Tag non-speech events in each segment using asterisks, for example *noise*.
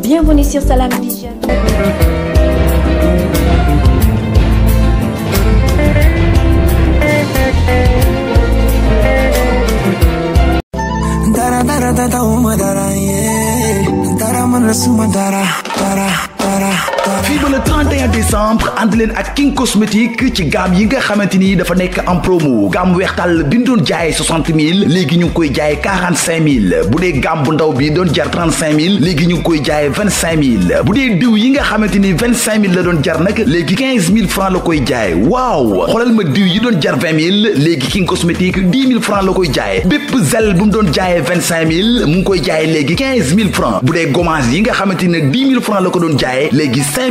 Bienvenue sur Salam Vision. Dara dara dara uma dara yeah dara man rasuma dara dara dara fii ba le 31 décembre ànd leen ak king cosmétique ci gaam yi nga xamante ni dafa nekk en promo gaam weextal bi ñu doon jaayee 60 000 léegi ñu ngi koy jaayee 45 000 bu dee gaam bu ndaw bi doon jar 35 ñu ngi koy jaayee 25 000 diw yi nga xamante ni 25 000 la doon jar nag léegi 15 la koy jaay waaw xoolal ma diw yi doon jar 20 000 léegi king cosmétique 10 000 francs la koy jaayee bépp zel bu mu doon jaayee 25 000 mu ngi koy jaayee léegi 15 000 francs bu dee gommage yi nga xamante nag 10 la ko doon jaayee léegi 5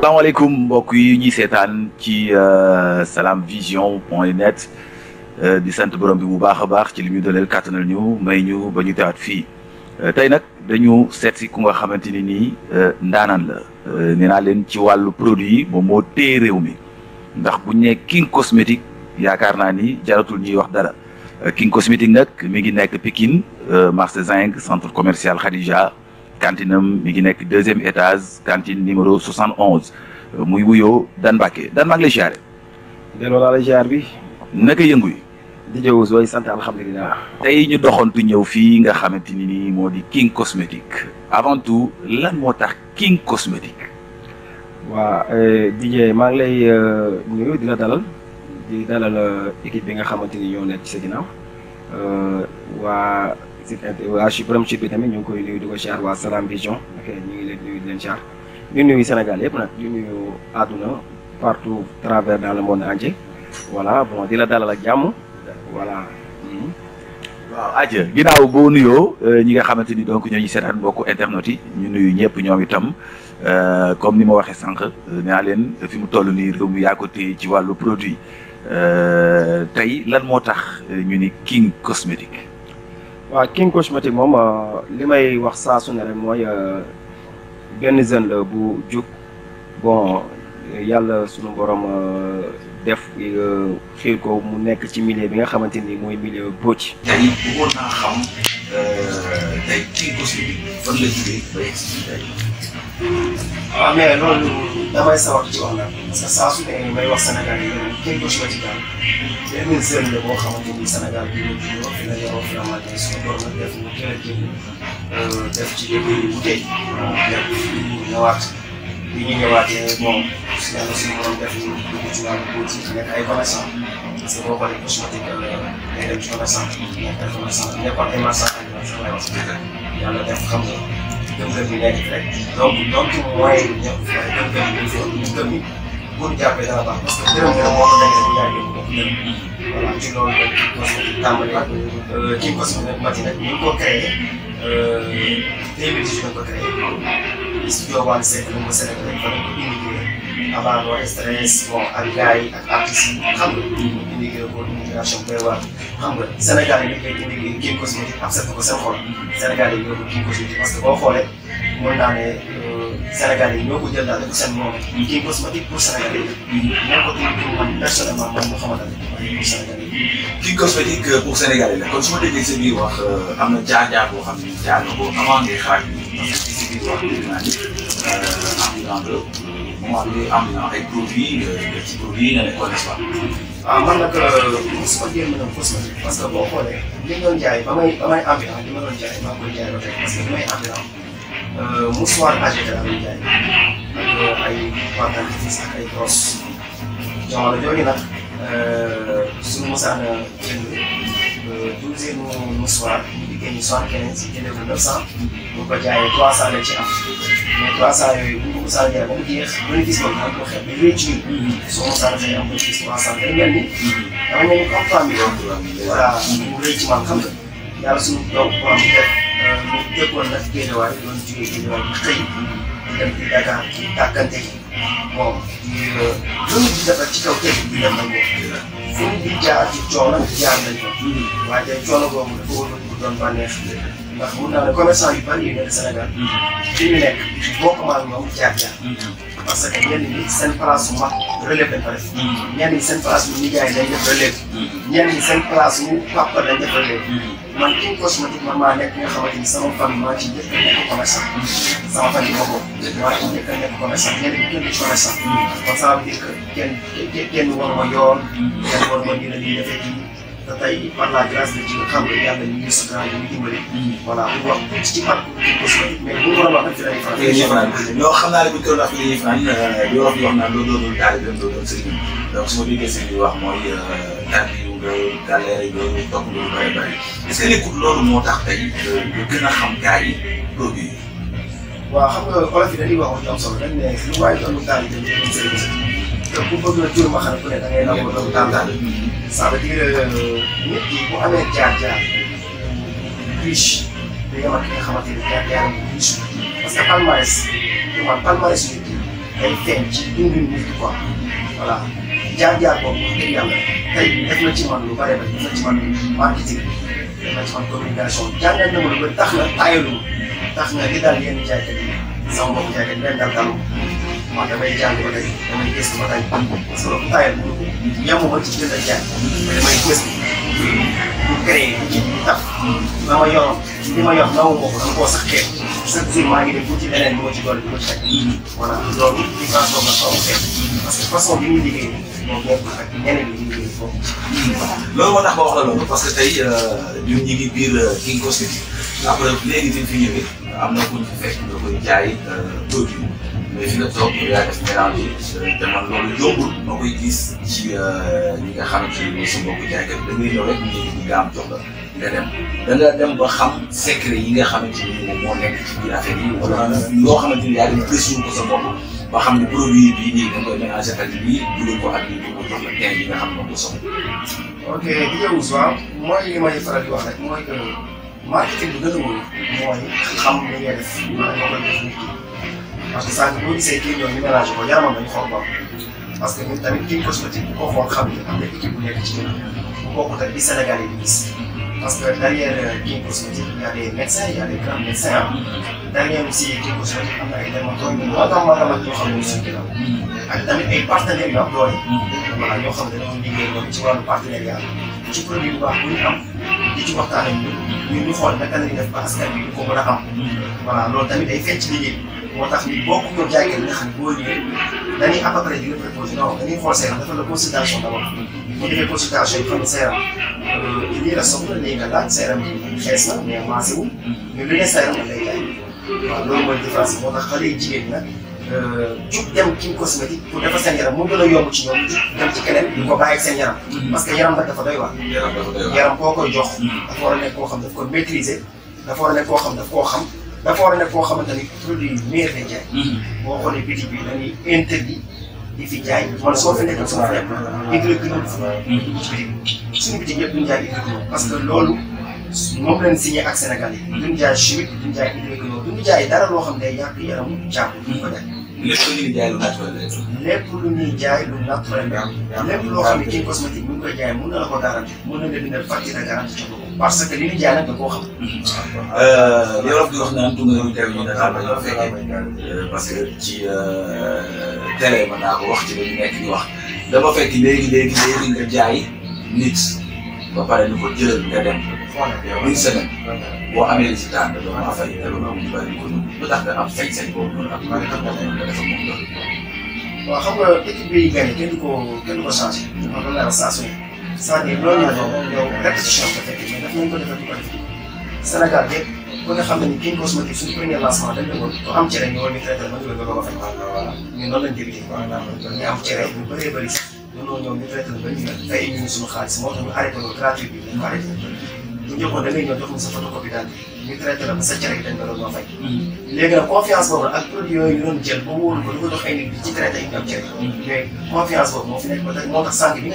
salaamaaleykum mbokk yi ñuy seetaan ci euh, salam vision point net euh, di sant borom bi bu baax a baax ci li ñu dooleel kàttanal ñu may ñu ba ñu teewaat fii euh, tey nag dañu seet si ku nga xamante ni nii ndaanaan la nee naa leen ci wàllu produit yi moom moo téye réew mi ndax bu nekk nee King Cosmétique yaakaar naa ni jaratul ñuy wax dara King Cosmétique nag mi ngi nekk pikin marché zinc centre commercial Khadija. cantine mi ngi nekk deuxième étage cantine numéro 71 euh, muy wuyoo Dan Mbacke Dan maa ngi lay ziare. delloo laa lay ziar bi. naka yëngu yi. di jëw sooy sant alhamdulilah. tey ñu doxantu ñëw fii nga xamante ni nii moo di King Cosmétique avant tout lan moo tax King Cosmétique. waa euh, DJ maa ngi lay euh, nuyu di la dalal di dalal équipe bi nga xamante ni ñoo nekk ci sa ginnaaw waa. site waa borom site bi tamit ñu ngi koy nuyu du ko siyaar waa Salam Vision ñu ngi leen nuyu di leen siyaar ñu nuyu Sénégal yëpp nag ñu nuyu àdduna partout travers dans le monde entier voilà bon di la dalal ak jàmm voilà. Hmm. waaw aja ginnaaw boo nuyoo euh, ñi nga xamante ni donc ñooñu seetaan mbokku internet yi ñu nuyu ñëpp ñoom itam euh, comme ni ma waxee sànq euh, naa leen fi mu toll nii réew mi yaa ko téye ci wàllu produit tey lan moo tax ñu ni King Cosmétique. waaw King Cosmétique moom euh, li may wax saasu su ne rek mooy euh, benn jeune la bu jóg bon yàlla sunu borom euh, def xiir ko mu nekk ci millier bi nga xamante ni mooy milieu bocc. waaw mais loolu damay sawar ci wax nag parce que saa su ne may wax Sénégal yi yéen kenn dosu ma ci daal. benn jeune la boo xamante ni Sénégal bii la juddoo fi la yoroo fi la màggee suñu borom nag def mu teel a génn def ci yëngu yu bu tey. ñëpp ñu ñëwaat bi ñu ñëwaatee moom si yàlla suñu borom def ñu dugg ci wàllu góor ci nekk ay commerçant. parce que boo xoolee cosmétique la day dem ci commerçant nekk ay commerçant nekkoon ay marchand sax lay wax yàlla def xam nga. ñoom tamit nekk rek donc ñoom ci moyens yi ñoom ñoom tamit pour jàppee dara baax parce que dërëm dërëm moo ko dajale bu yàggee bu bokk dërëm voilà ci loolu nag kii tàmbaliwaat kii Kossy nag Mati nag ñu ko créé téeméer bi ñu ko créé studio Wally Seck la ko Sénégal rek fa ko indi avant non stress bon ak gars yi ak artistes yi xam nga. ñu liggéey ko immigration doy waar xam nga Sénégal yi dañ koy indi kii cosmétique am ko seen xol. Sénégal yi ñoo ko kii cosmétique parce que boo xoolee mën naa ne Sénégal yi ñoo ko jël daal def seen moom. kii cosmétique pour Sénégal yi. ñoo ko indi pour man personnellement man moo xamante ne pour Sénégal yi. kii cosmétique pour Sénégal yi la kon su ma déggee sa biir wax am na jaar-jaar boo xam ne jaar na ko avant ngay xaar parce que ci biir wax dëgg naa moment bi am na ay produits ci produits nga ne ko n'est-ce pas. waaw man nag mosuma jéem a dem cosmétique parce que boo xoolee li ñu doon jaay ba may ba may ambulant li ma doon jaay maa koy jaay ba tey parce que li may ambulant mouchoir AGT laa doon jaay ak ay pantalons ak ay brosse jamono jooju nag suñu mosaan jënd douze mouchoir jigéen ñi soixante quinze yi jëndee ko neuf cent. bu ko jaayee trois cent la ci am. mais trois cent yooyu bu ko Moussa jaay ba mu jeex bénéfice boobu nag boo xam ne dañoo ci ñun. Mm-hmm. soo Moussa dafay am bénéfice trois cent day mel ni. dama mel ni comme trois millions. voilà mm-hmm. mu rëy ci man xam nga. yàlla suñu doom borom bi def euh, mu dëkkoon nag Géejawaay doon jugee Géejawaay bi xëy. di dem di Dakar di tàkkante ji. bon di loolu euh, di defar ci kaw kër gi di dem nañ ko. lim bi jaar ci coono jaar nañu ko. waaye tey coono boobu dafa wóor ko doon bànneex ndax mun naa ne commerçant yu bari yu nekk Sénégal. fi ñu nekk bokkuma ak ñoom jaar jaar. parce que ñenn ñi seen place su mag relève dañ ko def. ñenn ñi seen place su nijaay dañ def relève. ñenn ñi seen place su papa dañ def man tey cosmétique man maa nekk nga xamante ni sama famille maa ci njëkk a nekk commerçant. sama famille ma bokk. maa ci njëkk a nekk commerçant ñenn ñi kenn du commerçant. kon ça veut dire que kenn kenn war ma yoon. kenn war ma dina di defee kii. te tey par la grâce de Dieu xam nga yàlla ñu ngi sutura ñu ngi dimbali. voilà pour wax ci parcours bi cosmétique mais bu ma la waxee fi lay faral. fi lay faral loo xam naa ne bu ñu ko doon wax fi lay faral yoo xam yoo xam naa loo doonul daal dem doo doon sëriñ donc su ma déggee sëriñ bi wax mooy tànn yu nga tàlleere yu topp lu bari bari est-ce que nekkul loolu moo tax tey ñu gën a xam gars yi produit yi. waaw xam nga olof yi dañuy waxoon ñoom solo dañ ne lu waay doon taal yi dañuy service te ku bëgg la tur ma xam ku ne da ngay nangoo doon taal taal ça veut dire euh, nit ki bu amee jaar-jaar riche da nga mën ki nga xamante ni jaar-jaaram bu riche parce que palmarès ñu man palmarès nit ki day feeñ ci dundin nit ki quoi voilà jaar-jaar boobu wax dëgg yàlla tey def na ci man lu bare ba def na ci man marketing dafa ci am communication jàngal na ma lu ba tax na taayalu tax na li daal yenn jaaykat yi sama mbokku jaaykat yi leen daal dalu man damay jàng ba tey damay gëstu ba tey parce que créé ci tax la ma yor li ma yor nawu ma ko dama koo sax xeeb chaque jour maa ngi def ci leneen moo ci dolli moo ci fekk voilà loolu li nga xam ne faaw fekk parce que façon bi ñuy liggéey moom bokkul ak ñeneen ñi ñuy liggéey bokk ci. loolu moo tax ma wax la loolu parce que tey ñun euh, ñu ngi biir euh, King Cosmétique après léegi fi ñu fi ñëwee am na ku ñu fi fekk nga koy jaay euh, produit muy fi nga toog yow yaa def mélange yi te man loolu yombul ma koy gis ci ñi nga xamante ni mooy sa mbokku jaaykat da ngay ñëw rek ñu ngi nga am jox la nga dem da nga dem ba xam secret yi nga xamante ni moom moo nekk ci biir affaire yi wala loo xamante ni yaa ngi gëstu ko sa bopp ba xam ne produit bii nii da nga koy mélanger ak bii dugal ko ak bii ko jox la tey yi nga xam moom la soxla. ok di ñëw waaw mooy li may faral di wax rek mooy que marketing bi gën a wóor mooy xam li nga def. parce que sànq boo gisee kii ñoom ñu mélangé ko yaramam dañu xool bopp parce que ñun tamit kii cosmétique bu ko xool xam ni am na équipe bu nekk ci ñun bu bokkut ak li Sénégalais yi gis. parce que derrière euh, kii cosmétique y a des médecins y a des grands médecins ah. derrière aussi kii cosmétique am na ay dermatologues yu mag a mag a mag ñoo xam ne suñu ginnaaw. ak tamit ay partenaires yu am doole. voilà ñoo xam ne dañoo liggéey ñoom ci wàllu partenariat ci produit bu baax bu ñu am di ci waxtaan ak ñun ñu xool naka la ñuy def ba askan bi du ko mën a am. voilà loolu tamit day fekk ci liggéey moo tax li bokk ko jaaykat yi nga xam ne boo ñëwee dañuy à peu près di la proposé non dañuy xool seeram dafa la consultation d'abord bu defee consultation yi xam seeram euh, lii la soxla seeram xees na mais maase wu mais lu ne seeram la lay jaay waaw loolu mooy différence bi moo tax xale yu jigéen ñi nag euh, jug dem king cosmétique pour defar seen yaram moo gën a yomb ci ñoom jug dem ci keneen di ko bàyyi ak seen yaram parce que yaram nag dafa doy waar yaram koo koy jox dafa war a nekk koo xam daf ko maîtriser dafa war koo xam daf koo xam dafa war a nekk koo xamante ni produit yu neex lay jaay. Mhm. boo xoolee bitig bi dañuy interdit di fi jaay man soo fi nekkal sama nekk écré gënal fu mhm. ci suñu bitig yëpp duñ jaay écré gënal parce que loolu moom leen signé ak Sénégal yi mhm. duñ jaay chimique duñ jaay écré gënal duñ jaay dara loo xam ne day yàq yaram jàmm duñ lépp lu ñuy jaay lu naturel lay doon. lépp lu ñuy jaay lu naturel lay doon. lépp loo xam ne kii cosmétique bu ñu koy jaay mën na la ko garanti mën na la bindal facture garanti parce que li ñuy jaay nag da koo xam. Euh, Yorof gi wax naan Tunga ñu teew ñu Dakar ba ñu fekkee euh, parce que ci euh, télé mën naa ko wax ci li ñu nekk di wax dama fekk léegi léegi léegi nga jaay nit ba pare ni ko jëlal nga dem. une semaine. boo amee résultat nga doon a fay te loolu amul ñu bëri ko ñun lu tax nga am sañ-sañ boobu noonu ak man itam dafa nga def ak moom loolu. waaw xam nga équipe bi gagné kenn du ko kenn du ko changé. man loolu laa wax saa su ne. c'est-à-dire loolu la yow répétition nga fekkee mais daf nañ ko defee du ko def Sénégal yëpp ba nga xam ne ni King Cosmétique suñu premier lancement dañ demoon ku am cere ñu war ñu traité mën nga ko fay. waaw ñun noonu lañ débuté. waaw waaw ñu am cere ñu bëree bëri sax. ñun ñoo ñëw ñu traité ba ñu fay ñu suñu xaalis moo tax ñu arrêté loolu gratuit bi ñu arrêté bu njëkkoon da ngay ñëw jox ko sa photocopie daal ñu traité la ba sa cere gi dañ ko doon ma fay. Hmm. léegi nag confiance boobu ak produit yooyu ñu doon ba wóolu ko di ko jox ay nit di ci traité yi ñu am cere. mais confiance boobu moo fi nekk ba tey moo tax ko hmm. hmm.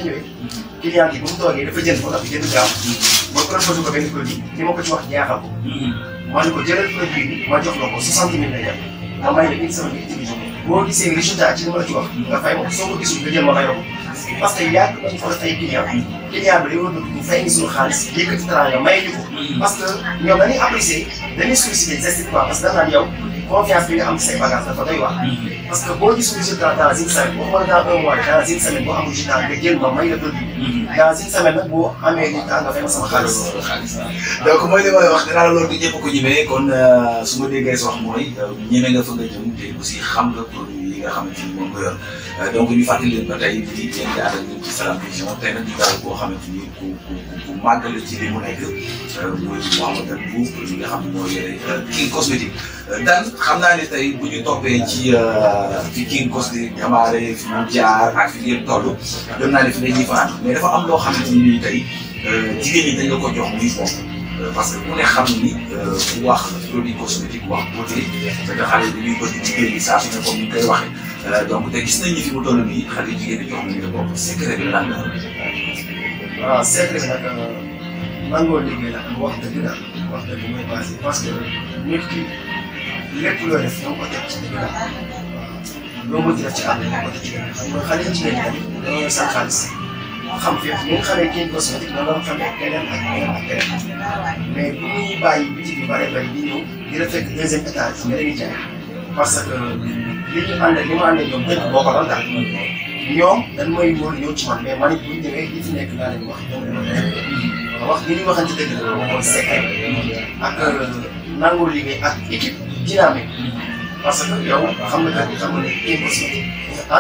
benn produit ni ma ko ko. ma ko jëlal ma jox la ko soixante mille lay def nga may la une semaine nga utilisé ko boo ma la ci wax. nga fay ma soo parce que yàgg nañu ko fay client client bi day war a fay ñu suñu xaalis yëkkati teraanga may ñu ko. parce que ñoom dañuy apprécier dañuy solliciter geste quoi parce que da nga naan yow. confiance bi nga am ci say bagages dafa doy wax parce que boo gisul résultat dans une semaine boo mën dans un mois dans une semaine boo am résultat nga jël ma may la produit. dans une semaine nag boo amee résultat nga fay ma sama xaalis. donc mooy li may wax dinaa la loolu di ñëpp ko ñemee kon su ma déggee sa wax mooy ñeme nga fa nga jëm te aussi xam nga produit yi nga xamante ni moom nga yor donc ñu fàttali leen ba tey di jéem di ànd ak ñun ci Salam Vision tey nag ñu daal boo xamante ni ku ku ku màgg la ci li mu nekk muy Mouhamadou Bou li nga xam ne mooy King Cosmétique. dan xam naa ne tey bu ñu toppee ci euh, fi King Kosde Kamare fi mu jaar ak fi yëpp toll gëm naa ne fi dañuy fanaan mais dafa am loo xam ni tey euh, jigéen ñi dañ la ko jox muy euh, parce que ku ne xam ni ku wax produit cosmétique wax beauté parce que xale dañuy bëgg jigéen ñi saa su ne comme ni koy waxee donc te gis nañu fi mu toll nii xale jigéen ñi jox nañu la bopp secret bi lan la. waaw ah, secret bi nag nangoo liggéey la am wax dëgg la wax dëgg mooy passé parce lépp loo def da nga ko def ci dëgg la loo mën di def ci àdduna ko def ci dëgg xam nga xale yi jigéen tamit dañoo yor seen xaalis xam fépp ni nga xamee kenn cosmétique noonu la nga xamee keneen ak keneen ak keneen mais bu ñuy bàyyi bitig yu bare bari di ñëw di la fekk deuxième étage nga leen di jaay parce que li ñu ànd ak li mu ànd ak ñoom dëkk boo ko doon daal ñoom dañ may wóor ñëw ci man mais man it bu ñu demee li fi nekk naa leen wax wax li ñuy waxante dëgg la moom mooy secret ak nangu liggéey ak équipe dynamique. parce que yow xam nga daal xam nga ne kéem a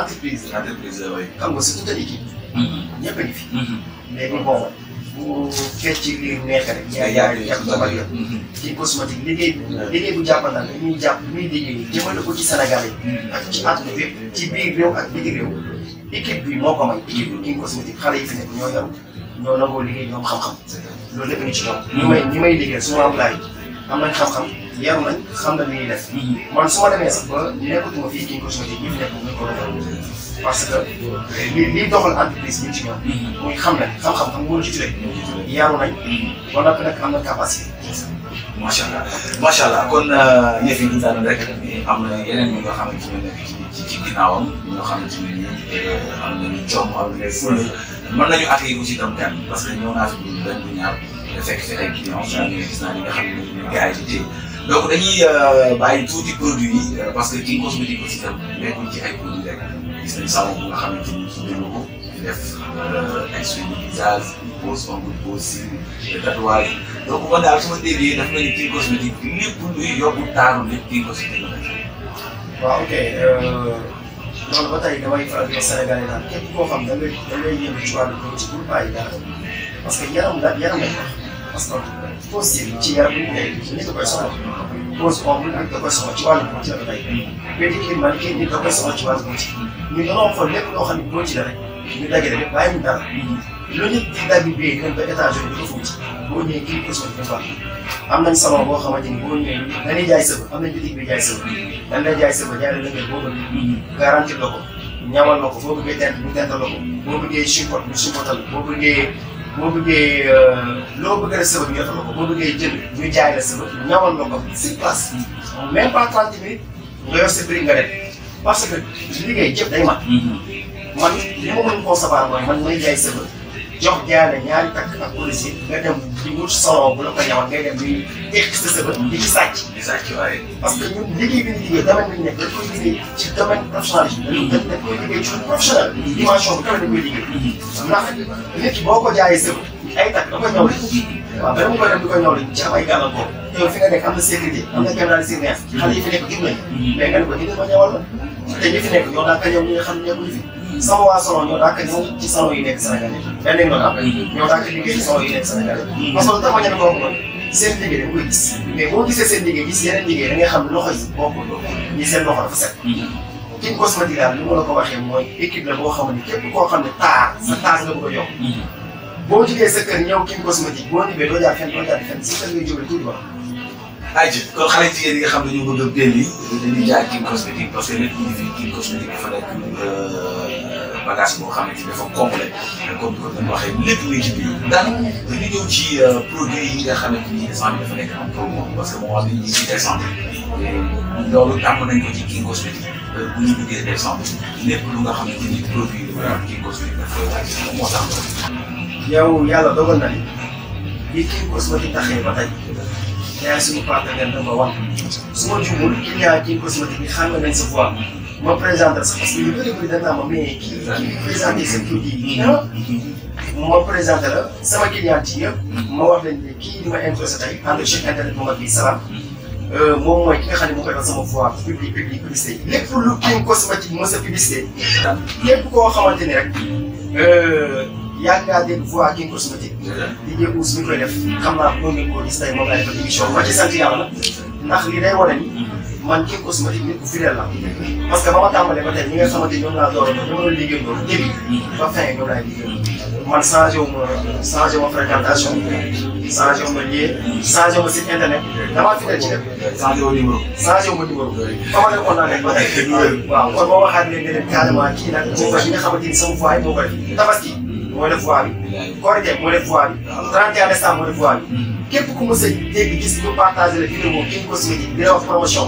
entreprise la. entreprise la oui. xam nga c'est mm-hmm. a ngi fi. Mm-hmm. mais bu boobaa bu fecc li neexee rek. yaa yaa yàq dafa liggéey bu jàppandal dañuy ñuy jàpp liggéey jëmale ko ci Sénégal yi. Mm-hmm. ak ci àdduna bépp ci biir réew ak biti réew. équipe bi moo ko may équipe bu kéem cosmétique xale yi fi nekk ñoo yaru ñoo nangoo liggéey ñoom xam-xam. loolu lépp ñu ci ñoom. ñu may ñu may liggéey suñu am laay am nañ xam-xam. yeewu xam na li man su ma demee sax ba nekkatuma fii kii ko ko defal. parce que li li doxal entreprise bi ñu ci ñoom. muy xam ne xam-xam xam moo ñu ci tuddee. yeewu nañ. ba am na capacité. macha allah macha allah kon ñëf euh, yi ñu daan rek am na yeneen ne nekk ci ci ginnaawam ñoo xamante ne nii euh, am nañu jom am nañu ful mën nañu accueillir aussi itam gan parce que ñëw naa fi benn ñaar fekk fi ay clients gis naa li ne gars donc dañuy euh, bàyyi tuuti produit yi euh, parce que ci i aussi tam nekkul ci ay produit rek gis nañu savon bu nga xamante ni su dee ko def euh, ay suñu visage pose ongle pose cils tatouage donc man daal su ma déggee daf nañu ci cosmétique lépp luy yokku taaru lépp ci cosmétique la. waaw ok loolu ba tey damay faral di Sénégal yi naan képp koo xam da ngay da ngay yëngu ci wàllu produit bul bàyyi dara parce que yaram da yaram lañ wax parce que. poste ci yaram bi nit da koy soxla pose ombre nag da koy soxla ci wàllu booti la bay pédicure man kii nit da koy soxla ci wàllu booti ñun dañoo xool lépp loo xam ne booti la rek ñu dajale lépp bàyyi ñu dara lu nit di dagg bee gën ba étage yooyu dafa fuuti boo ñëwee kii pose ko dafa am nañ salon boo xamante ni boo ñëwee dañuy jaay sëb am nañ boutique bi jaay sëb dañ lay jaay sëb jaay la lëngal boo bëgg garanti la ko ñawal la ko boo bëggee tent ñu tental la ko boo bëggee support ñu supportal boo bëggee boo bëggee euh, loo bëgg a def sëbëb ñu defal ko boo bëggee jënd la sëbëb ñawal la ko sur place. même pas trente minutes nga yor sa nga dem parce que liggéey jëf day mat. Mhm. man li ma mën koo sabar mooy man may jaay sëbëb jox jaay la ñaari takk ak policier nga dem. li mu soloo bu la ko ñëwaat ngay dem di tekk sa sa bët di ci sàcc. di sàcc waaye. parce que ñun liggéey bi ñu liggéey domaine bi ñu nekk dañ koy liggéey ci domaine professionnel bi. dañ dañ koy liggéey ci professionnel. dimension bi tamit dañ koy liggéey. ndax nit boo ko jaayee sa ay takk da koy ñëw rek. waaw benn mu koy dem di koy ñëw rek ci am ay gàllankoor. yow fi nga nekk am na sécurité am na kéem daal di sécurité xale yi fi nekk gis nañu. Mm-hmm. mais nga ne ko nit ñi ma ñëwal la. te ñi fi nekk ñoo daan ka ñëw ñi nga xam ne ñëwuñu fi sama waa Soron ñoo dàkk ñëw ci salon yi nekk Sénégal yi. benn yoon après ñoo dàkk liggéey ci salon yi nekk Sénégal yi. parce que lu tax ma ñan kooku noonu seen nga koy gis. mais boo gisee seen liggéey gis yeneen liggéey da nga xam daal li ma la ko waxee mooy équipe la boo xam ne képp koo xam ne taar sa taar nga bëgg a boo jugee sa kër ñëw King Cosmétique boo ñëwee doo jaar fenn doo jaar fenn sa kër ngay jógee tuuti wax. aji kon xale jigéen yi nga xam ne ñu ngi doon benn yi dañuy jaar King Cosmétique parce que nit ñi fi King Cosmétique dafa nekk euh, bagage boo xamante ni dafa complet comme comme ni ma waxee lépp luy ci biir ndax dañu ñëw ci euh, produit yi nga xamante ni décembre dafa nekk am promo parce que moo xam ne ñu ngi ci décembre loolu tàmm nañ ko ci King Cosmétique euh, bu ñu duggee décembre lépp lu nga xamante ni produit yi dafa am King Cosmétique dafa koy wàcc moo tax yow yàlla dogal na ni lii kii cosmétique taxee ba tey yaay suñu partenaire dama wax su ma juumul kii yaa kii cosmétique bi nga nañ sa voix ma présenté sax parce que ñu bëri bëri dañ naa ma mais kii kii présenté seen produit ma présenté la sama client yi yëpp ma wax leen ne kii li ma intéressé tey ànd ci internet moom ak bii salaam euh, moom mooy ki nga xam ne moo koy wax sama voix public public publicité lépp lu kii cosmétique mos a publicité lépp koo xamante ni rek euh, yàgg naa dégg voix King Cosmétique. di jéem uus mi koy def xam naa moom lañ ko gis tey moom laay defal émission ma ci sant yàlla ndax li day wane man King Cosmétique que ba ma tàmbalee ba tey ñi nga xamante ñoom laa door a ñoom la liggéeyandoo début ba fin ma changé ma fréquentation changé wu ma lieu changé ma site internet damaa fidèle ci def. changé wu numéro. changé wu ma numéro. fa ma nekkoon naa nekk ba tey. waaw kon boo waxaat leen ne leen carrément kii nag moom la ñi nga xamante ni sama voix yi moo moo def voie bi. Koor Dieng moo def voie bi. 31 décembre moo def voie bi. képp ku mës a dégg gis ñu partagé la vidéo kii ñu ko suñu ji di la wax promotion.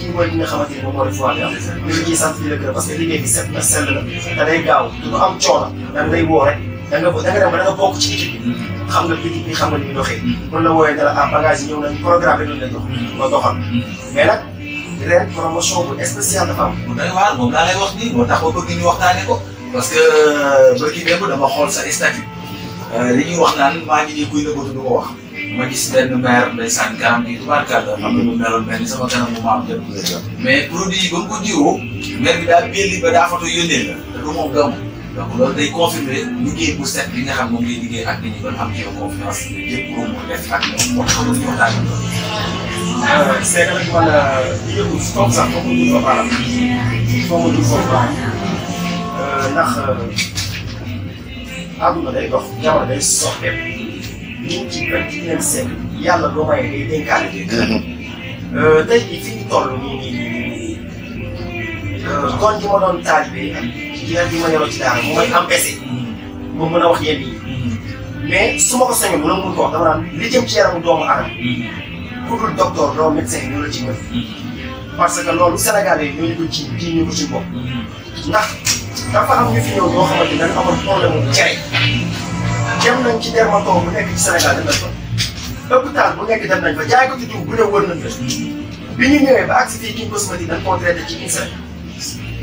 kii mooy ki nga xamante ni moom moo def voie bi am. ñu ngi ciy sant di la gërëm parce que liggéey bi set na sell la. te day gaaw du am coono. da ngay woo rek da nga da nga dem ba da nga bokk ci équipe bi. xam nga équipe bi xam nga ni muy doxee. mën la wooyee dara ah bagage yi ñëw nañu programme bi ñu la jox. nga doxal mais nag. ren promotion bu spécial dafa am. bu doy waar moom laa lay wax nii moo tax ba bëgg ñu waxtaane ko parce que euh, bërki démb dama xool sa statut euh, li ñuy wax naan maa ngi nii kuy nëbbatu du ko wax ma gis benn maire ndeysaan kanam gi tubaarkàlla xam ne mu meloon mel ni sama kanam mu maam jëm mais produit yi mu ko jiwoo maire bi daa belli ba daa foto yónnee la te du moom gamu donc loolu day confirmer liggéey bu set bi nga xam moom ngay liggéey ak nit ñi ba am ci yow confiance yëpp moom moo def ak moom moo taxawu ñu waxtaan ak loolu. c'est que nag man euh, liggéey bu toog sax foog nga dugg ko faram foog nga dugg ko ndax euh, àdduna day dox jamono day soxleeku. ñu ngi ci vingt-et-unième siècle yàlla doo maye day dénkaane dégg. Mhm. Euh, tey jii fi ñu toll nii nii nii euh, kon ma doon taalibe ak yeneen yi ma ci daara mu mën a wax yenn yi. mais ma ko sañoon mën a mun ko wax ci yaramu doomu aadama. ku que loolu Sénégalais yi ñoo ñu ci ñu ko ci dafa am ñu fi ñëw ñoo xamante ne dañu amoon problème mu cere dem nañ ci dermatologue bu nekk ci Sénégal dem nañ fa hôpital bu nekk dem nañ fa jaay ko ci jiw bu ne wër nañ la bi ñu ñëwee ba agsi fii King Cosmétique dañ koo traité ci INSEP.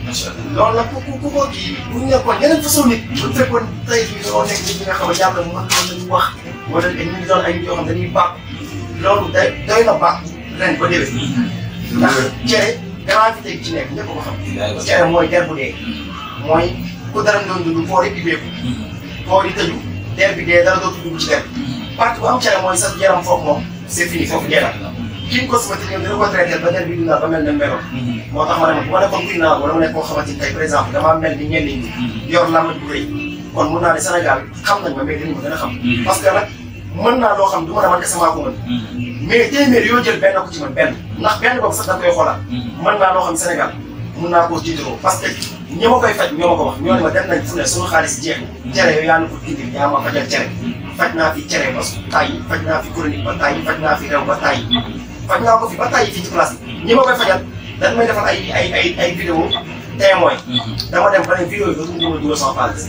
macha allah loolu nag ku ku ko kii bu ñu nekkoon yeneen façon nit. bu fekkoon tey jii dañoo nekk nit ñi nga xam ne yàlla mën nañu wax wala ñu ngi doon ay nit yoo xam dañuy bàq loolu day doy na bàq ren ko déwén. Mm-hmm. ndax cere gravité bi ci nekk ñëpp ko xam. cere mooy der bu dee. mooy ku dara doon dund poor yëpp ubbeeku. poor yi tëju der bi dee dara dootul dugg ci der bi. partie bu am cere mooy sax foofu moom c'est fini foofu dee na. ki ko ba mel ne meloon. moo tax ma ne ma bu ma nekkoon kuy naan wala ma nekk koo xamante ni tey par exemple damaa mel ni ñenn ñi. yor làmb bu rëy kon mun naa ne Sénégal xam nañ ma mais dinañ ma gën a xam. parce que nag mën naa loo xam du ma ne man kese maa ko mën. mais téeméer yoo jël benn ko ci man benn. naa loo xam Sénégal mun naa koo jiitaloo que ñi ma koy faj ñoo ma ko wax ñoo ne ma dem nañ fu ne suñu xaalis jeex na cere yooyu yaa na ko dindil yaa ma fajal cere faj naa fi cere ba tay faj naa fi chronique ba tay faj naa fi rew ba tay faj naa ko fi ba tay fii ci place bi ñi ma koy fajal dañ may defal ay ay ay ay vidéo témoin mhm. dama dem ba ne vidéo yi dootuñu ma dugal sama page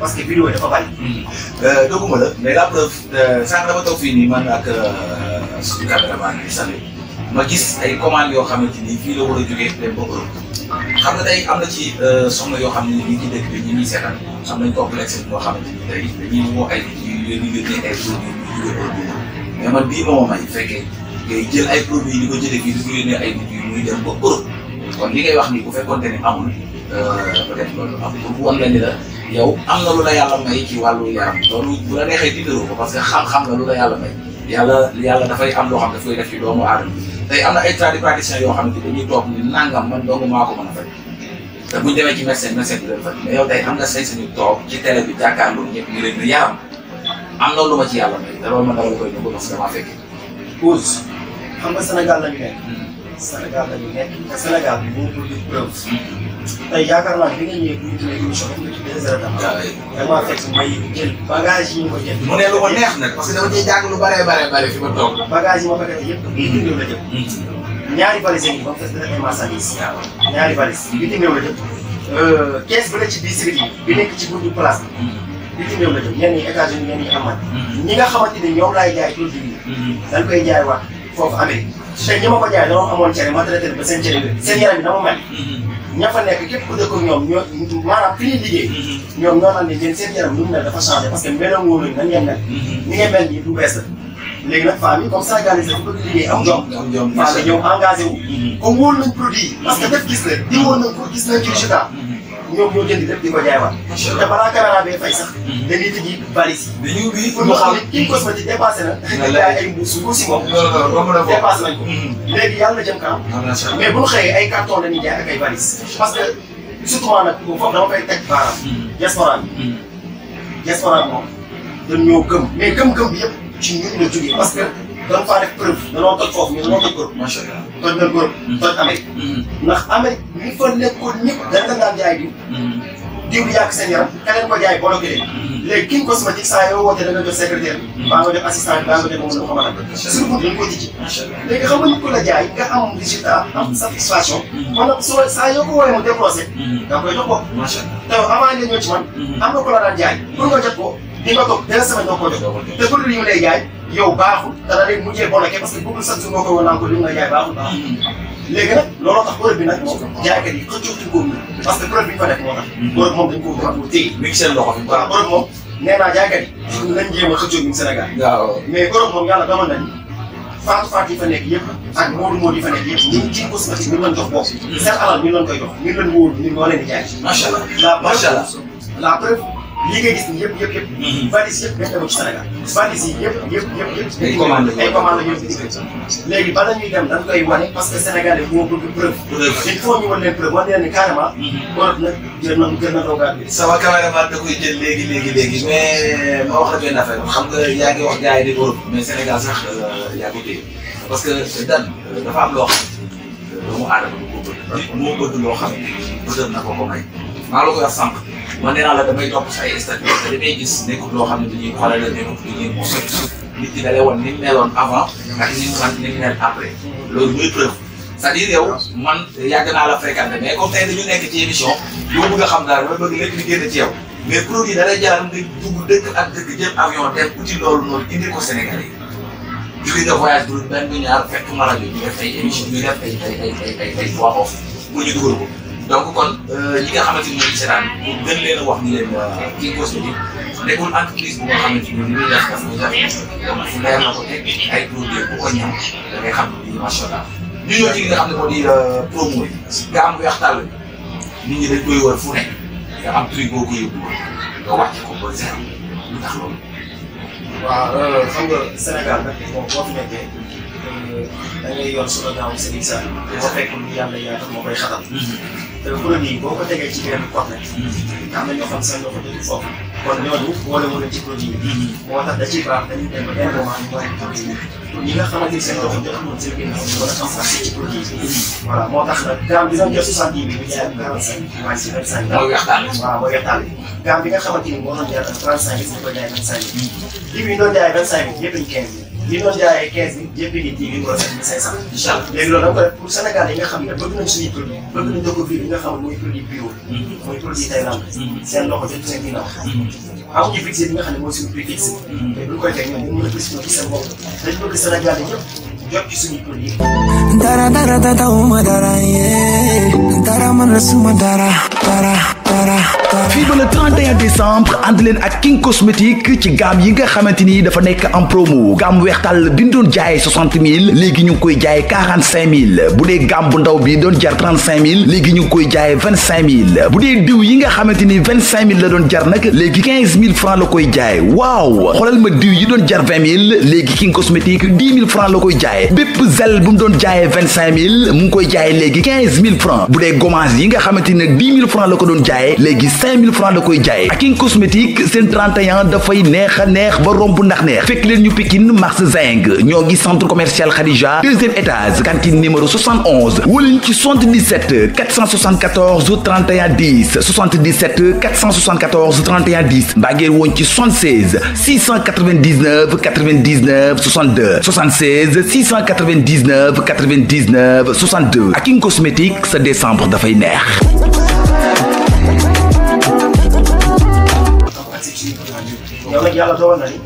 parce que vidéo yi dafa bari mhm. euh, dëgguma la mais la preuve euh, sànq dama toog fii nii man ak euh, suñu caméraman bi Saliou ma gis ay commandes yoo xamante ni fii la war a jógee dem ba Europe xam nga tey am na ci euh, soxna yoo xam ne ñu ngi ci dëkk bi ñu ngi seetaan am nañ complexe boo xamante ni tey dañuy woo ay nit leen di yónnee ay produits yu jógee Europe mais man bii moo may fekkee ngay jël ay produits di ko jëlee fii di ko yónnee ay nit yu muy dem ba Europe kon li ngay wax ni bu fekkoon te ne amul euh, peut-être loolu am pour wan la ni la yow am na lu la yàlla may ci wàllu yaram loolu bu la neexee dindaroo ko parce que xam-xam la lu la yàlla may yàlla yàlla dafay am loo xam daf koy def ci doomu aadama tey am na ay tradipraticiens yoo xam ne dañuy toog ni nangam man doomu maa ko mën a faj te buñ demee ci médecin médecin bi leen yow tey am nga sañ sañu toog ci télé bi jàkkaarloo ñëpp ñu leen di yaram am na lu ma ci yàlla may te loolu ma dara koy nëbb parce que damaa fekkee. cause xam na Sénégal la ñu nekk. Hmm. Sénégal la ñu nekk te Sénégal moo produit preuve. Hmm. tey yaakaar naa bi ngeen ñëw bu ñu tuddee émission bi ñu tuddee Zero Dame. damaa fekk may jël bagage yi ma ko jël. mu ne lu ko neex nag parce que dama cee jàng lu bare bare bare fi ma toog. bagage yi ma ko defee yëpp. bitim réew la jëm. Mm. ñaari valise yi ba mu des dafa marchandise. ñaari valise bitim réew la jëm. kees euh, bu nekk ci biir sirif yi. bi nekk ci buntu place bi. Mm. bitim réew la jëm ñenn ñi États-Unis ñenn ñi amaat. Mm. ñi nga xamante ni ñoom laay jaay produit yi. dañ koy jaay waat foofu Amérique. te ñi ma ko jaay dama amoon cere ma traité ba seen cere seen yaram bi dama mel ña fa nekk képp ku dëkk ñoom ñoo maanaam fi ñuy liggéey. Mm-hmm. ñoom ñoo xam ne yéen seen yaram lu mu mel dafa changé parce que meloon wóor nañ nan ngeen mel. Mm-hmm. ni ngeen mel nii du bees la. léegi nag femmes yi comme ça organisé wu mm-hmm. parce que def gis la di wóor nañ ko gis nañ ñoom ñoo jënd lépp di ko jaaywaat. te balaa caméra bee fay sax. dañuy tijji valise yi. dañuy ñu xam ne kii cosmétique dépassé na. dañuy *laughs* jaay ay mbuus mbuus yi moom. dépassé ko. Mm-hmm. mais bu ñu xëyee ay carton la ñuy jaay ak ay valise. parce que surtout nag foofu dama koy teg baaraam. Mm-hmm. Mm-hmm. diaspora moom dañ ñoo gëm mais gëm bi yëpp ci ñun la jógee parce que. doon faa def preuve danoo toj foofu ñu danoo toj Europe. macha allah toj na Europe. Mm-hmm. toj Amérique. Mm-hmm. ndax Amérique li fa nekkoon ñëpp dañ la daan jaay diw. Mm-hmm. diw bi yàq seen yaram ko jaay bloqué leen. léegi king cosmétique saa yoo woote da nga jot secrétaire bi. baa nga def assistant bi baa nga def moom la ko mën a. macha allah surtout dañ ko tijji. macha allah léegi xam a jaay nga am résultat. am satisfaction. kon saa yoo ko woowee mu décroché. da nga koy jox bopp. ci man. am nga ko la daan jaay. pour nga jot ko di nga toog benn ko jot. te produit yi mu yow baaxul dana leen mujjee bloqué parce que bëggul sax su ma koy wanaan ko li mu jaay baaxul baaxul. Hmm. léegi nag looloo tax bërëb bi nag moom jaaykat yi xëccoo ci góob la. que bërëb bi ñu fa def moo tax. Hmm. bërëb moom ko war a téye. mi ngi seen loxo fi moom nee naa jaaykat yi. nañ jéem a xëccoo bi Sénégal. waaw mais bërëb moom yàlla dama nañ faatu faatu yi fa nekk yëpp ak moodu moodu yi fa nekk yëpp ñun ci cosmétique ñu leen jox bopp seen alal ñu leen koy jox ñu leen wóor ñu moo leen di jaay. li nga gis nii yëpp yëpp yëpp. Mm-hmm. valise yëpp dañ demul ci Sénégal. valise yi yëpp yëpp yëpp yëpp. ay commandes ay commandes ñoo fi digg. léegi bala ñuy dem dañ koy wane parce que sénégalais moo bëgg preuve. il faut ñu wane leen preuve wane leen ni carrément. Europe mm-hmm. nag jël na gën na doogaat bi. sama caméraman da koy jël léegi léegi léegi mais ma wax la benn affaire xam nga yaa ngi wax gars yi di Europe mais Sénégal sax euh, yaa ngi téye parce que euh, dan euh, dafa am loo xam doomu aadama du ko bëgg. moo bëgg loo xam ne bëgg na ko ko may maa la koy wax sànq man nee naa la damay topp sa ay statut te li may gis nekkul loo xam ne dañuy xoolee mais moom dañuy mos nit ñi da lay wan ni mu meloon avant ak ni mu man ni mu mel après loolu muy preuve c'est-à-dire yow man yàgg naa la fréquenté mais comme tey dañu nekk ci émission yow bëgg a xam daal dama bëgg lépp li génn ci yow mais produit da lay jaral nga dugg dëkk ak dëkk jëm avion dem uti loolu noonu indi ko Sénégal yi. jugee nga voyage bu benn ñaar fekk ma rajo ñu def ay émission ñu def ay ay ay ay ay voix off pour ñu dugal ko. donc kon euh, ñi nga xamante ni ñoom seetaan pour gën leen a wax ni leen euh, kii cosmétique nekkul entreprise bu nga xamante ni li muy def daf koy def donc fu leer na ko teg ay produits bu ko ñëw da ngay xam ni macha allah ñu ñëw ci li nga xam ne moo di euh, promo yi nga am weex tàll nit ñi dañ koy wër fu ne nga am prix boo ko yóbbu nga wàcc ko ba zéro lu tax loolu. waaw xam nga Sénégal nag moom boo fi nekkee da ngay yor solo daaw Serigne Sall. boo fekk yàlla yaa tax moo koy xatal. Mm-hmm. te kuréel yi boo ko tegee ci benn gox rek. Hmm. am na ñoo xam seen loxo dëgg foofu. kon ñooñu boole wala ci produit bi. moo tax da ciy baax dañuy dem ba benn moment ñu boole produit bi. ñi nga xamante ni seen loxo jotul seen ginnaaw wala xam sax ci produit bi. voilà moo tax nag gaam bi nga jot soixante dix bi ñu jaay quarante cinq waaye si vingt cinq. mooy wextaan bi waaw mooy wextaan bi. gaam bi nga xamante ni moo doon jaay trente cinq bi ñu ko jaay vingt cinq bi. Hmm. lii bi ñu doon jaay vingt cinq bi ñëpp ñu quinze li doon jaayee 15 bi yëpp nit yi ñu ko def 500. incha allah léegi loolu da nga ko def pour Sénégal yi nga xam ne bëgg nañ suñuy produit bëgg nañ dëkk bi nga xam mooy produit bio. Mm-hmm. mooy produit Thaïlande. Mm-hmm. seen loxo jot seen ginnaaw. Mm-hmm. amuñu fixé bi nga xam ne mooy suñu prix fixe. te buñ koy teg ñoom ñu mën a gis ñoom seen bopp dañ bëgg Sénégal yi ñëpp jot ci suñuy produit. dara dara dara uma dara yee dara man la suma dara dara dara. fii ba le 31 décembre ànd leen ak king cosmétique ci gaam yi nga xamante ni dafa nekk en promo gaam weextal bi ñu doon jaayee 60 000 léegi ñu ngi koy jaayee 45 000 bu dee gaam bi doon jar 35 000 léegi ñu ngi koy jaayee 25 000 bu dee diw yi nga xamante ni 25 la doon jar nag léegi 15 000 la koy jaay waaw xoolal ma diw yi léegi king cosmétique 10 000 francs la jaayee bépp bu doon jaayee 25 000 mu ngi koy jaayee léegi 15 000 francs bu dee gommage yi nga xamante ni nag 10 la ko doon jaayee léegi 5000 francs la koy jaayee ak King Cosmétique seen 31 dafay neex a neex ba romb ndax neex fekk leen ñu Pikine marché Zing ñoo ngi centre commercial Khadija deuxième étage cantine numéro 71 wala ñu ci 77 474 31 10 77 474 31 10 mbaa ngeen woon ci 76 699 99 62 76 699 99 62 ak King Cosmétique sa décembre dafay neex. yow nag yàlla dogal na ni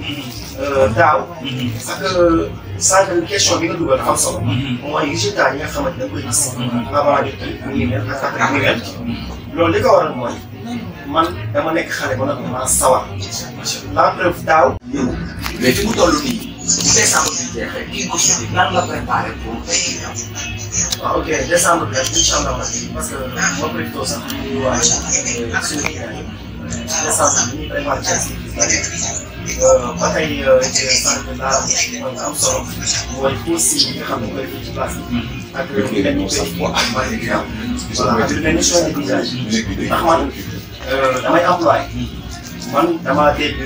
euh, daaw. ak euh, sànq question bi nga dugal am solo. Mm-hmm. mooy résultat yi nga xamante da nga koy gis. avant de kii li ko waral mooy. man dama nekk xale ba nag ma sawar. la preuve daaw. yow mais fi mu toll nii. décembre bi jeexee kii ko suñu lan la préparé pour ay clients. waaw ok décembre bi rek incha naissance bi ñu prévoir Thiès ba tey sànq laa wax am solo mooy aussi li nga xam ne mooy ci place bi. ak léegi dañuy béy ak man damay employé. man damaa dégg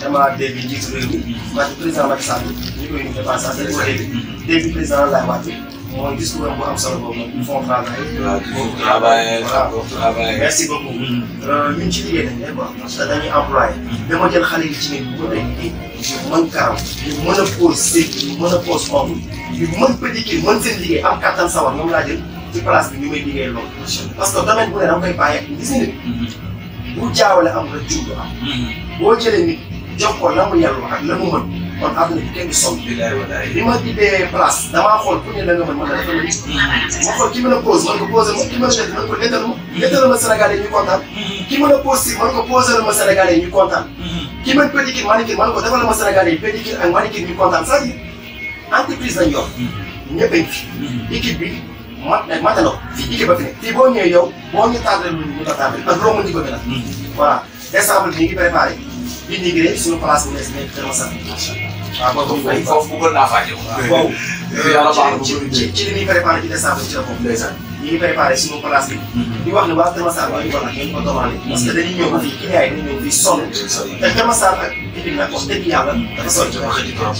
damaa dégg njiitu réew mi président Macky Sall ñu koy nuyu de passage dañu ko dégg dégg président Laye Wade mooy discours bu am solo boobu il faut travailler. il faut travailler travailler merci beaucoup. Mm. Euh, ñun ci liggéey dañ lay wax parce que dañuy employé. dama jël xale yi ci ne bu ko defee liggéey. mën karaw mën a pose sédd mën a pose ombre yu mën pédicure mën seen liggéey am kattan sawar moom laa jël ci place bi may liggéey loolu. parce que domaine bu ne da nga koy bàyyi ak gis nga mm-hmm. am rek jur am. Mm-hmm. boo jëlee nit mu mu mën. kon am na ci kenn sol. bi ma jiitee place damaa xool ku ne la nga mën ma dafa mën. ma xool ki mën a pose man ko posé ma ki mën a seet man ko nettal ma. nettal ma Sénégalais yi ñu kontaan. ki mën a pose si man ko posé la ma Sénégalais yi ñu kontaan. ki mën pédicure manicure man ko defal la ma Sénégalais yi pédicure ak manicure ñu kontaan c'est-à-dire entreprise lañ yor. ñëpp a ngi fi. équipe bi mat nag mat na ko fii équipe ba fi nekk. fii boo ñëwee yow boo ñu tardé lu ñu ko tardé parce que loo mën di ko gën a. voilà décembre bi ñu ngi préparé. immigré suñu place bu nekk nekk Kër Masar. waaw kon comme ay foofu bëggoon naa faa ñëw. waaw yàlla baax na ci ci ci li muy préparé ci décembre ci la bokk. ndeysaan ñu ngi préparé suñu place bi. ñu mhm. wax ne waa Kër Masar waa ñu war nag ñu ko demandé. Mhm. parce que dañuy ñëw fii client yi dañuy ñëw fii sonn. te Kër Masar ak Pikine nag wax dëgg yàlla dafa sori.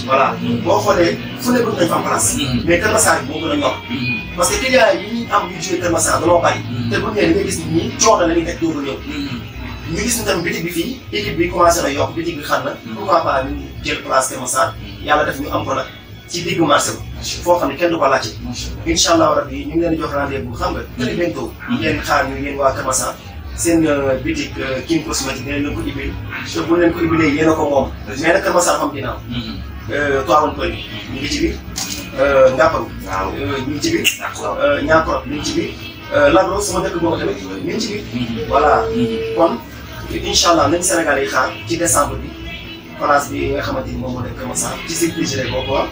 voilà mhm. boo xoolee fu ne bëgg nañ fa am place. mais Kër Masar bi moo gën a ñor. parce que client yi ñuy am yu jógee Kër Masar dañoo bari. te bu ñu nee da ngay gis nit ñi coono la ñuy teg dóoru ñëw ñu gis ni tam bitig bi fii équipe bi commencé na yokk bitig bi xam na. Hmm. pourquoi pas ñu jël place Kër Massar. yàlla def ñu am ko nag ci diggu marché bi. foo xam ne kenn du ko laajte. incha allahu rabi ñu ngi leen di jox rendez-vous xam nga. très bientôt. ngeen xaar ñu ngeen waa Kër Massar. seen euh, bitig euh, King Cosmétique dinañ leen ko ubbil. te bu leen ko ubbilee yéen a ko moom. mais nag Kër Massar xam ginnaaw. Hmm. Euh, Toiron Pël ñu ngi ci biir. Hmm. Ngaparou. waaw ñu ngi ci biir. Niakhorot ñu ngi ci biir. Lagro sama dëkk boobu tamit ñu ngi ci biir. voilà kon. te incha allah nañu Sénégalais yi xaar ci décembre bi place bi nga xamante ni moom moo nekk Kër Massar ci surprise lay bokk woon.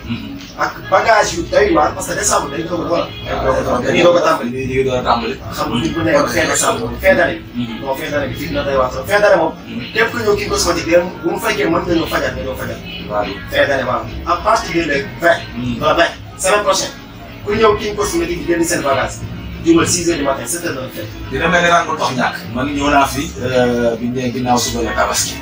ak bagage yu doy waar parce que décembre dañu doog a doon. waaw dañuy doog a tàmbali dañuy doog a tàmbali. xam nga nit bu nekk fin décembre fin d'année. bon mm-hmm. fin d'année bi fii dina doy waar trop fin d'année moom. Mm-hmm. képp ku ñëw kii cosmétique bi bu mu fekkee mën nga ñëw fajal nga ñëw fajal. waaw fin d'année waaw à partir de le vingt. wala mm-hmm. vingt semaine prochaine ku ñëw kii cosmétique bi génn seen bagage. jumal 6 heures du matin 7 heures doon fekk. dina mel ne daan ko dox ñàkk. man ñëw naa fi. Euh, biñ ne ginnaaw suba la tabaski.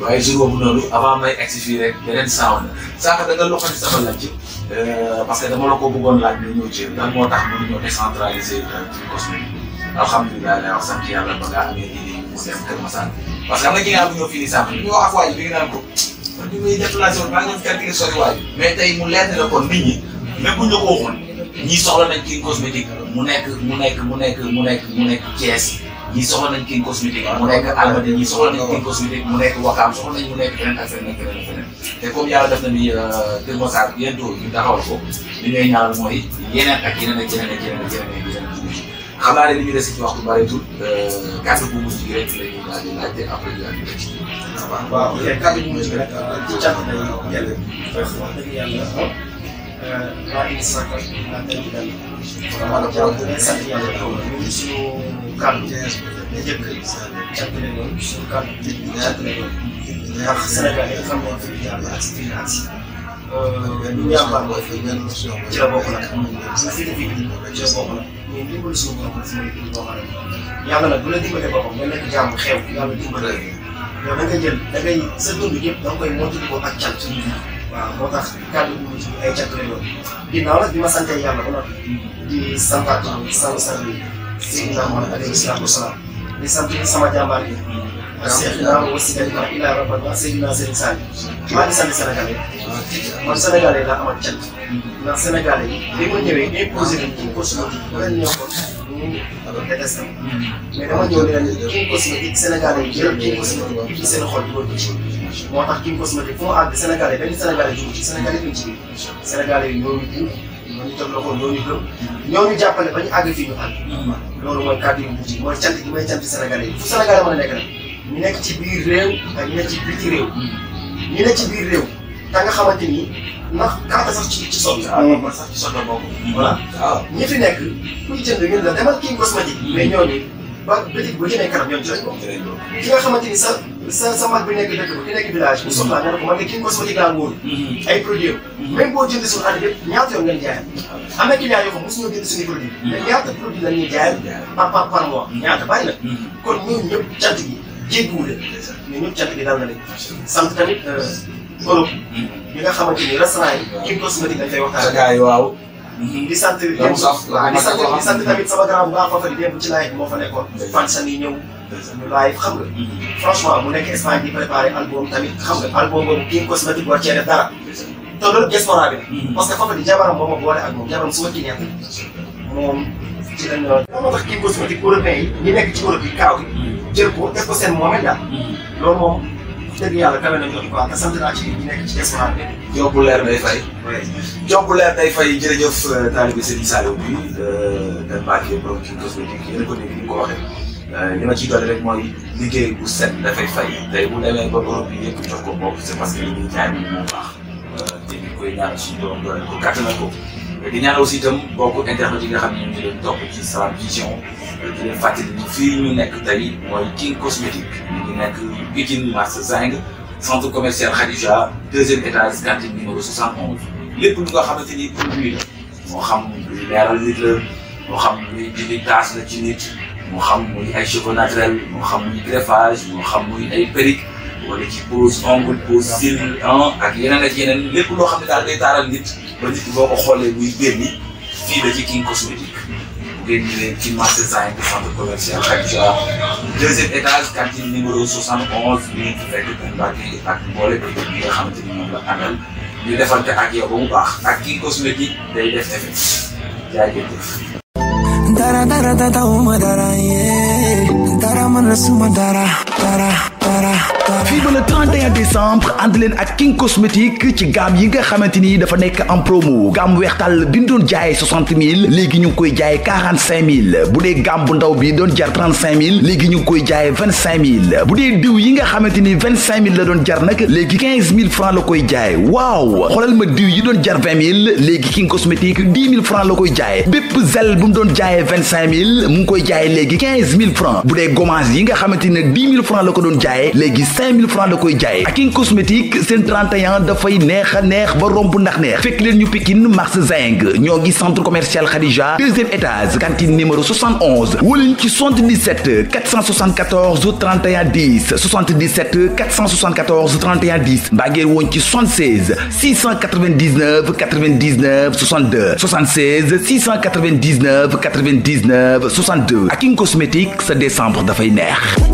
waaye jour noonu avant may egsi fii rek beneen saaw na saako da nga loxoon sama laaj euh, parce que dama la ko bëggoon laaj ñu ñëw ci lan moo tax mënuñoo décentraliser euh, ci Cosmos alhamdulilah lay wax sant yàlla ba nga amee nii mu dem Kër Masar parce que am nga xam ne ñoo fii nii sànq ñu wax ak waa ji nga naan ko man di ne la kon nit ñi ñii soxla nañ King Cosmétique mu nekk mu nekk mu nekk mu nekk mu nekk Thiès ñii soxla nañ King Cosmétique mu nekk Almadies ñii soxla nañ King Cosmétique mu nekk Wakaam soxla nañ mu nekk feneen ak feneen ak feneen ak feneen te comme yàlla def na ni euh, Kër Masar bientôt ñu taxawal ko li ngay ñaanal mooy yeneen ak yeneen ak yeneen ak yeneen ak yeneen ak yeneen xam naa ne li ñu des ci waxtu bëreetul euh, kàddu bu mujj gi rek lañu daal di laajte après ñu daal di def ci. waaw waaw kàddu bu mujj gi rek ci càmm day yàlla. wax dëgg yàlla. waaye incha allah ñu naan tëj daal ma ne ko sant yàlla lool ñun suñu kàddu di njëkk càkk na lool suñu kàddu di càkk na lool ndax Sénégal yi xam nañ fi ñu jàll ak si fi ñu àgg si lu yàmbaar mooy fi ci la bokk nag bu fi fi ci la bokk nag mais dimbali suñu bopp si mooy dimbali boo xam ne yàlla nag bu la dimbalee boppam nga nekk jàmm xew yàlla dimbali yow da nga jël da ngay sa dund yëpp da nga koy mottali ko ak càkk waaw moo tax kàddu gi ci ay càq lay doon ginnaaw bi ma sant yàlla ba noppi di santaat sama sàrdi Seydina Muhammad alayhi salaatu wa salaam di sant sama jàmbaar gi. Seydina wasilina laa ma ñëwee imposé nañ kii cosmétique bu leen ñëwoon ñu détesté mais dama ñëw ne leen kii cosmétique sénégalais yi jël kii cosmétique ci seen xol di ko moo tax King Cosmétique fu mu àgg Sénégalais benn Sénégalais jug ci Sénégalais yi ci biir. Sénégalais yi ñoo ñu dégg ñoo ñu ñoo ñu jàppale ba ñu àgg fii ñu àgg. loolu mooy kàddu yu mujj mooy cant gi may cant fu Sénégalais mën a nekk rek ñu nekk ci biir réew ak ñu nekk ci biti réew. ci biir réew te nga xamante ni ndax kaata sax ci ci sotti. waaw ah, man sax ci sotti la bokk. voilà ah. fi nekk kuy jënd ñun la demal King Cosmétique mais ñooñu ba bitig bu ci nekk kanam ñoom ci lañ bokk ki nga xamante ni sa sa sa mag bi nekk dëkk bi ki nekk village bu soxlaa nga ne ko man de kii nga suma ci gàll wóolu mm-hmm. ay produit même boo jënd suñu ànd yëpp ñaata yoon ngeen jaayal am na client yoo xam mosuñoo jënd suñu produit mm-hmm. mais ñaata produit la ñuy jaayal par par par mois mm-hmm. ñaata bari na kon ñun ñëpp cant gi jéggiwule ñun ñëpp cant gi dal na leen sant tamit euh, Europe bi nga xamante ni restaurant yi kii cosmétique dañ fay waxtaan waaw Mhm. di sant. di sant tamit sama grand bu baax fa di dem ci live moo fa nekkoon. fan sa ni ñëw. ñu live xam nga. Mhm. franchement mu nekk Espagne di préparé album tamit xam nga album boobu King Cosmétique war cee dara. te loolu diaspora bi la. Mhm. parce que fa fa di jabaram moo ma boole ak moom jabaram suma moom ci lañ la. moo tax King Cosmétique européen yi ñi nekk ci Europe yi kaaw gi. jël ko def ko seen moomeel daal. loolu moom. dëgg yàlla kawe na ñoom quoi te sant naa ci ñi nekk bi de Mbacke borom ci a ko dégg liggéey bu set dafay fay tey bu demee ba borom bi yëpp jox ko bopp c'est parce que li ñuy jaay moom moo baax te ñu koy ñaan suñu doom doole ko kàttanal ko. di ñaan aussi itam bokk ngi leen topp ci Salam Vision di leen fàttali ni fii ñu nekk tey mooy King Cosmétique ñu ngi nekk. Pikine marché Zinc centre commercial Khadija deuxième étage cantine numéro 71. lépp lu nga xamante ni produit la moo xam luy leeral nit la moo xam luy dindi taas la ci nit moo xam muy ay cheveux naturels moo xam muy greffage moo xam muy ay perruque wala ci pose ongle pose cils ak yeneen yeneen lépp loo xam ne daal day taaral nit ba nit boo ko xoolee muy benni fii la ci King génn leen ci marché Zahin bi centre commercial Khadija deuxième étage cantine numéro 71 ñu fekk benn bàqee ak mboole bi ñi nga xamante ni moom la amal ñu defante ak yow ba mu baax ak kii cosmétique day def tamit jaajëf. dara dara dara dara décembre ànd leen ak king cosmétique ci gaam yi nga xamante ni dafa nekk en promo gaam weextal bi ñu doon jaayee léegi ñu ngi koy jaayee quarante cinq mille bu dee gaam bu ndaw bi ñu ngi koy jaayee vingt cinq mille bu dee diw yi nga xamante ni vingt cinq mille la doon jar nag léegi quinze mille francs la koy jaay waaw xoolal ma diw yi doon jar vingt mille léegi king cosmétique dix mille francs la koy jaayee bépp zel bu mu doon jaayee vingt cinq koy jaayee léegi quinze la koy jaayee cosmétique seen 31 dafay neex a neex ba romb ndax neex fekk leen ñu Pikine marché Zing ñoo ngi centre commercial Khadija deuxième étage cantine numéro 71 wala ci 77 474 31 10 77 474 31 10 mbaa ngeen woon ci 76 699 99 62 76 699 99 62 ak King Cosmétique sa décembre dafay neex.